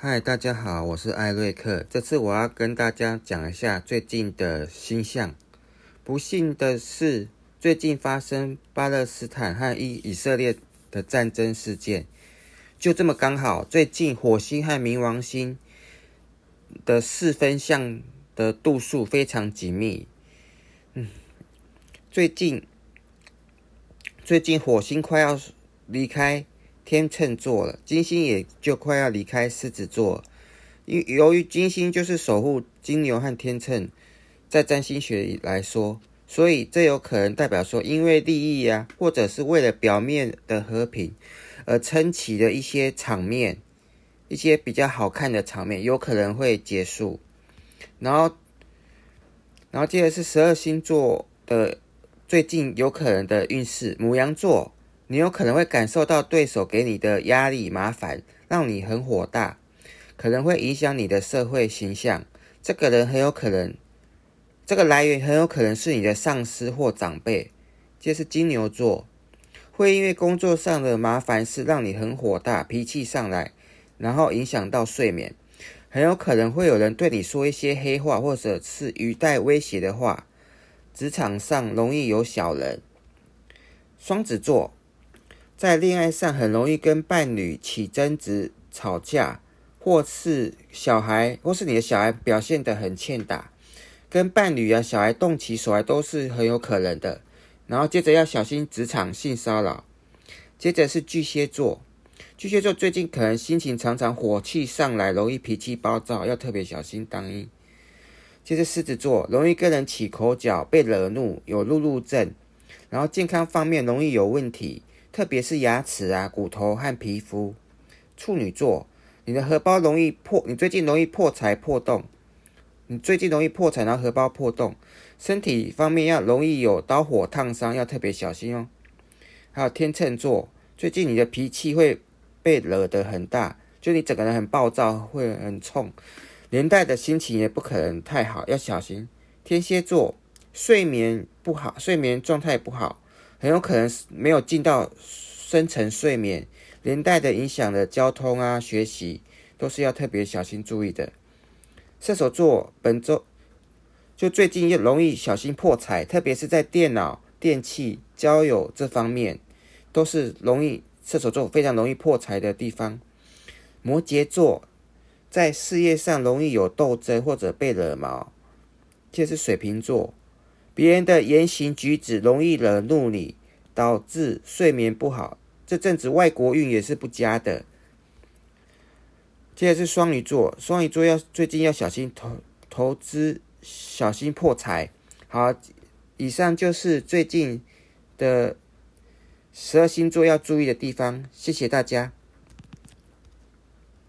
嗨，Hi, 大家好，我是艾瑞克。這次我要跟大家講一下最近的星象。不幸的是，最近發生巴勒斯坦和以以色列的戰爭事件。就這麼剛好，最近火星和冥王星的四分相的度數非常緊密。嗯，最近，最近火星快要離開。天秤座了，金星也就快要離開獅子座了。因由於金星就是守護金牛和天秤，在占星學裡來說，所以這有可能代表說，因為利益啊，或者是為了表面的和平而撐起的一些場面，一些比較好看的場面，有可能會結束。然後，然後接着是十二星座的最近有可能的運勢，牡羊座。你有可能會感受到對手給你的壓力、麻煩，讓你很火大，可能會影響你的社會形象。這個人很有可能，這個來源很有可能是你的上司或長輩。這是金牛座，會因為工作上的麻煩事讓你很火大，脾氣上來，然後影響到睡眠。很有可能會有人對你說一些黑話，或者是語帶威脅的話。職場上容易有小人。雙子座。在戀愛上很容易跟伴侶起爭執、吵架，或是小孩，或是你的小孩表現得很欠打，跟伴侶啊、小孩動起手來都是很有可能的。然後接着要小心職場性騷擾。接着是巨蟹座，巨蟹座最近可能心情常常火氣上來，容易脾氣暴躁，要特別小心當心。接着獅子座，容易跟人起口角，被惹怒，有路怒症，然後健康方面容易有問題。特別是牙齒啊、骨頭和皮膚。處女座，你的荷包容易破，你最近容易破財破洞。你最近容易破財，然後荷包破洞。身體方面要容易有刀火燙傷，要特別小心哦。還有天秤座，最近你的脾氣會被惹得很大，就你整個人很暴躁，會很衝，連帶的心情也不可能太好，要小心。天蠍座，睡眠不好，睡眠狀態不好。很有可能是沒有進到深層睡眠，連帶的影響了交通啊、學習，都是要特別小心注意的。射手座本周就最近又容易小心破財，特別是在電腦、電器、交友這方面，都是容易射手座非常容易破財的地方。摩羯座在事業上容易有鬥爭或者被惹毛，這是水瓶座。別人的言行舉止容易惹怒你，導致睡眠不好。這陣子外國運也是不佳的。接下來是雙魚座，雙魚座要最近要小心投投資，小心破財。好，以上就是最近的十二星座要注意的地方。謝謝大家。